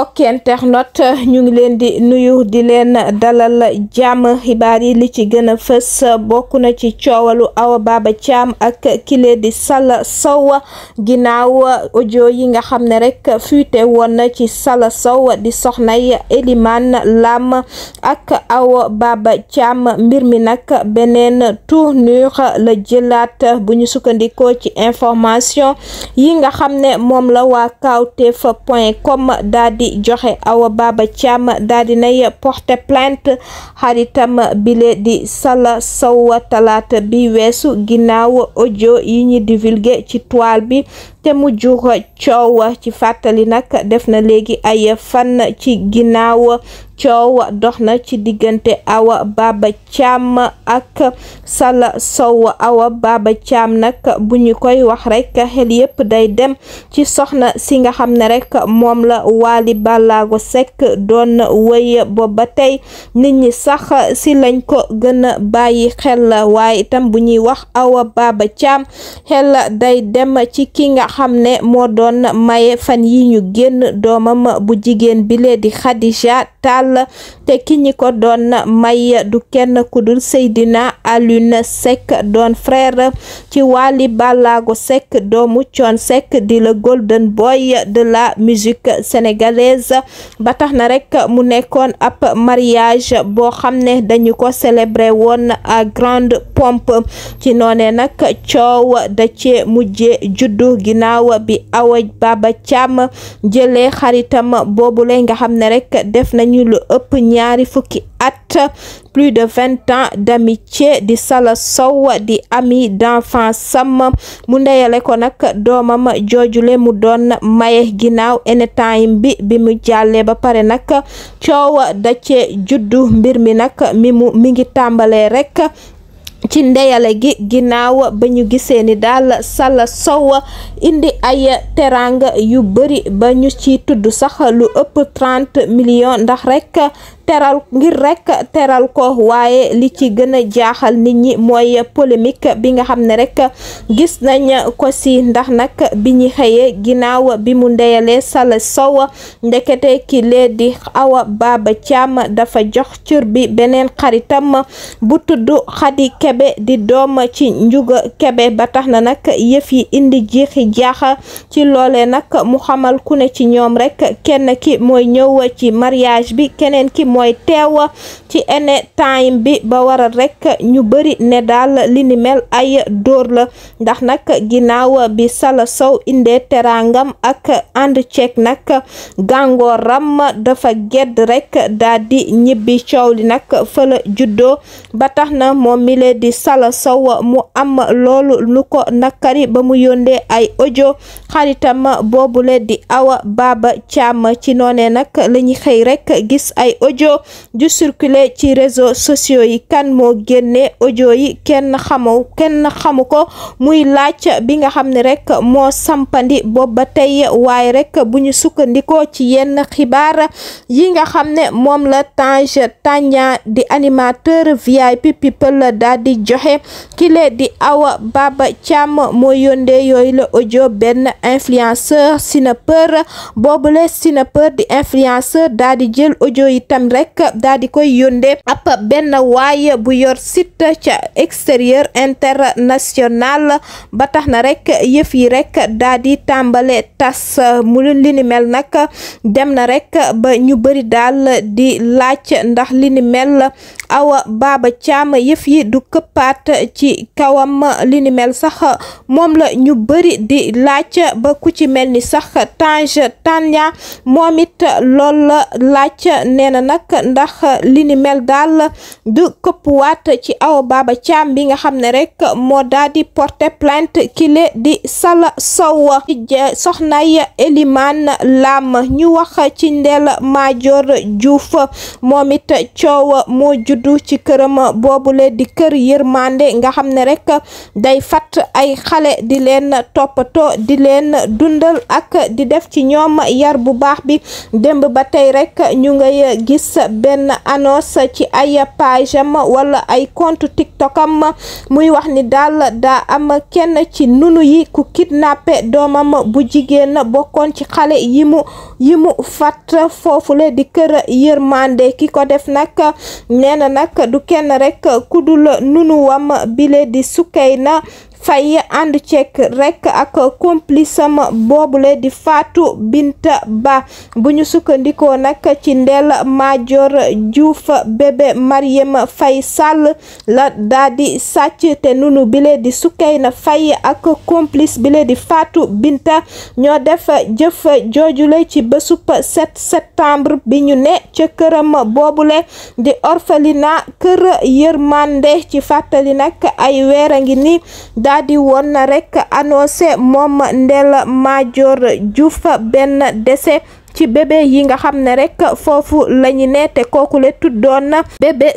mbokki internet ñu ngi leen di nuyu di leen dalal jàmm xibaar yi li ci gën a fës bokk na ci coowalu Awa Baba Thiam ak kile di sala Sow ginnaaw audio yi nga xam ne rek fuite woon na ci sala Sow di soxnay Elimane Lam ak Awa Baba Thiam mbir mi nag beneen tournure la jëlaat bu ñu sukkandikoo ci information yi nga xam ne moom la waa kawtef point com joxe Awa Baba Thiam daal di nay porter plainte xaritam bile di Salla Sow talaata bi weesu ginnaaw ojo yi ñi divulgué ci toile bi te mu jur coow ci fàttali nag def na léegi ay fan ci ginnaaw coow dox na ci diggante Awa Baba Thiam ak Salla Sow Awa Baba Thiam nag bu ñu koy wax rek xel yépp day dem ci soxna si nga xam ne rek moom la Wally Ballago Seck doon wëy booba tey nit ñi sax si lañ ko gën bàyyi xel waaye itam bu ñuy wax Awa Baba Thiam xel day dem ci ki nga xam ne moo doon maye fan yi ñu génn doomam bu jigéen bile di Khadija Tall te ki ñi ko doon may du kenn kudul Seydina Alioune Seck doon frère ci Wally Ballago Seck doomu Thione Seck di le golden boy de la musique sénégalaise ba tax na rek mu nekkoon ab mariage boo xam ne dañu ko célébrer woon à grande pompe ci noone nag coow da mujje juddu gi ginnaaw bi Awa Baba Thiam jëlee xaritam boobu nga xam ne rek def nañu lu ëpp ñaari fukki at plus de vingt ans d'amitié di sala Sow di ami d'enfance sam mu ndeyale ko nag doomam joojule mu doon maye ginnaaw anytime bi bi mu jàllee ba pare nag coow da cee juddu mbir mi nag mi mu mi ngi tàmbalee rek ci ndeyale gi ginnaaw ba ñu gisee ni daal Salla Sow indi ay teraanga yu bëri ba ñu ci tudd sax lu ëpp trente millions ndax rek teral ngir rekk teral ko waaye li ci gën a jaaxal nit ñi mooy polémique bi nga xam ne rek gis nañ ko si ndax nag bi ñu xëyee ginnaaw bi mu ndeyalee sala Sow ndekete ki lee di Awa Baba Thiam dafa jox cër bi beneen xaritam bu tudd Khady Kébé di doom ci Ndiouga kebe ba tax na nag yëf yi indi jiixi jaaxa ci loole nag mu xamal ku ne ci ñoom rekk kenn ki mooy ñëw ci mariage bi keneen ki mooy teew ci any time bi ba waral rekk ñu bëri ne daal li mel ay dóor la ndax nag ginnaaw bi sala Sow indee teraangam ak ànd ceeg nag gàngooram dafa gedd rekk daal di ñibbi coow li nag fëla juddoo ba tax na moom mi lee Sow mu am loolu lu ko nakari ba mu yóndee ay audio xaritam boobule di Awa Baba Thiam ci noonee nag la xëy rek gis ay audio audio ju circulé ci réseaux sociaux yi kan moo génne audio yi kenn xamu kenn xamu ko muy laaj bi nga xam ne rek moo sampandi boobu ba tey rek bu ñu sukkandikoo ci yenn xibaar yi nga xam ne moom la Tange Tandian di animateur VIP people daal di joxe kile di Awa Baba Thiam moo yóndee yooyu la ojo benn influenceur sinapeur boobule sinapeur di influenceur daal di jël audio yi tam rek rek daa di koy yónde ab benn waay bu yor site ca extérieur international ba tax na rek yëf yi rek daa di tàmbale tas mu li ni mel nag dem na rek ba ñu bëri daal di laaj ndax li awa baaba caam yëf yi du këppaat ci kawam li ni mel sax moom la ñu bëri di laaj ba ku ci mel ni sax Tange Tandian moom it lool la laaj nee na ndax li ni mel daal du këppwaat ci Awa Baba Thiam bi nga xam ne rek moo daal di porter plainte kile di Salla Sow soxnay Elimane lama ñu wax ci Ndella Madior Diouf moom it coow moo juddu ci këram boobule di kër yërmande nga xam ne rek day fat ay xale di leen toppatoo di leen dundal ak di def ci ñoom yar bu baax bi démb ba tey rek ñu ngay gis gis benn annonce ci ay wala ay compte TikTok muy wax ni daal daa am kenn ci nunu yi ku kidnappé doomam bu jigéen bokkoon ci xale yi mu yi mu fat foofule di kër yërmande ki ko def nag nee na nag du kenn rekk kudul nunu bile di sukkay na fay ànd ceek rek ak complice am boobule di faatu Binta Ba bu ñu sukkandikoo nag ci Ndella Madior Diouf bébé Mariam Faye Sall la daa di sàcc nunu bile di Soukeyna Faye ak complice bile di faatu Binta ñoo def jëf joojule ci bésub 7 septembre bi ñu ne ca këram boobule di orphelinat kër yërmande ci fàttali nag ay weer ngi ni daa daadi woon rek annoncé moom Ndella Madior Diouf benn décès ci bébé yi nga xam ne rek foofu la ñu ne te kooku tuddoon na bébé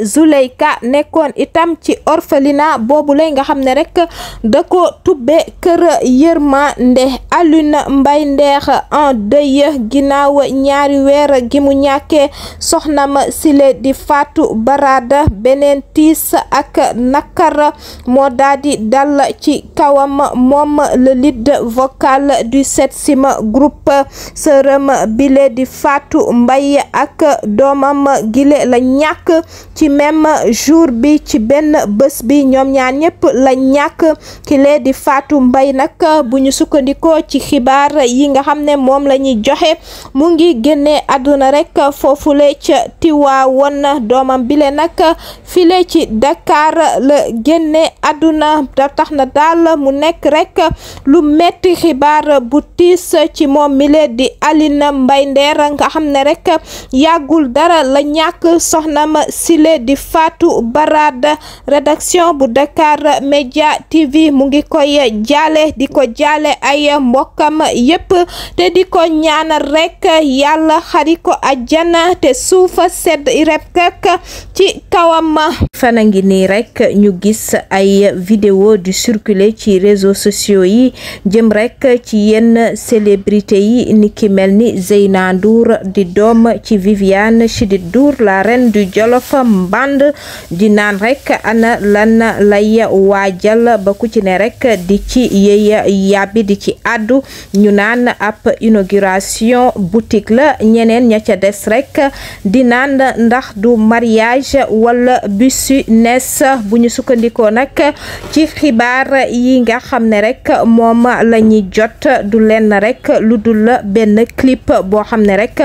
ka nekkoon itam ci orphelinat boobu lay nga xam ne rek da ko tubbe kër yërmande Alioune Mbaye Ndeex en deuil ginnaaw ñaari weera gi mu ñàkkee soxnam Sile di faatu Barada beneen tiis ak nakar moo daal di dal ci kawam moom le vocal du Setsima groupe sërëm bile di Fatou mbay ak doomam gile la ñàkk ci même jour bi ci benn bés bi ñoom ñaar la ñàkk kile di Fatou mbay nag bu ñu sukkandikoo ci xibaar yi nga xam ne moom la ñuy joxe mu ngi génnee àdduna rek foofule ca Tiwaawoon doomam bile nag file ci Dakar la génne àdduna da na daal mu nekk rek lu metti xibaar bu ci moom mile di Aline Mbaye Mbay Ndeer nga xam ne rek yàggul dara la ñàkk soxnam Sile di Fatou Barada rédaction bu Dakar Media TV mu ngi koy jaale di ko jaale ay mbokkam yépp te di ko ñaanal rek yàlla xari ko ajjana te suufa sedd rek ci kawama fana ngi nii rek ñu gis ay vidéo du circuler ci réseaux sociaux yi jëm rek ci yenn célébrité yi ni ki mel Zeyna Ndour di doom ci Viviane Chidid duur la reine du Jolof Mband di naan rek ana lan lay waajal ba ku ci ne rek di ci yëy yàbbi di ci àddu ñu naan ab inauguration boutique la ñeneen ña ca des rekk di naan ndax du mariage wala business bu ñu sukkandikoo nag ci xibaar yi nga xam ne rekk moom la jot du lenn rekk lu dul benn clip boo xam ne rek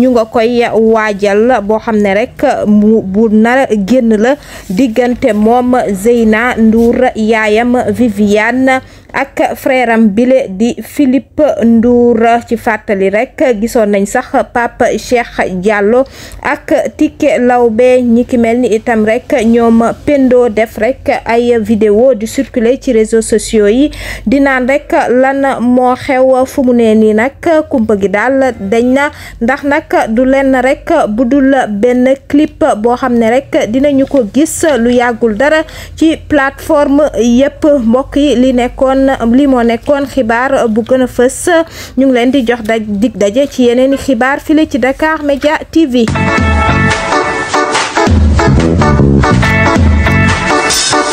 ñu nga koy waajal boo xam ne rek mu bu nar génn la diggante moom Zeyna Ndour yaayam Viviane ak frère am bile di Philippe Ndour ci fàttali rek gisoon nañ sax Pape Cheikh Diallo ak Tické Lawbe ñi ki mel ni itam rek ñoom pendoo def rek ay vidéo di circuler ci réseaux sociaux yi di naan rek lan moo xew fu mu ne nii nag kumpa gi daal dañ na ndax nag du lenn rek bu dul benn klip boo xam ne rek dinañu ko gis lu yàggul dara ci plateforme yépp mbokk yi li nekkoon. kon lii moo nekkoon xibaar bu gën a fës ñu ngi leen di jox daj dig daje ci yeneen i xibaar file ci dakaar Media TV.